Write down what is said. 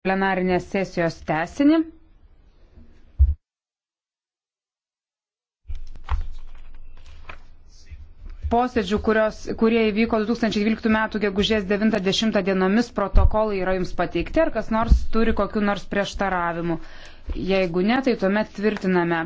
plenarinės sesijos tesinį. Posėdžių, kurios, kurie įvyko 2012 m. gegužės 90 dienomis, protokolai yra jums pateikti, ar kas nors turi kokiu nors prieštaravimu. Jeigu ne, tai tuomet tvirtiname.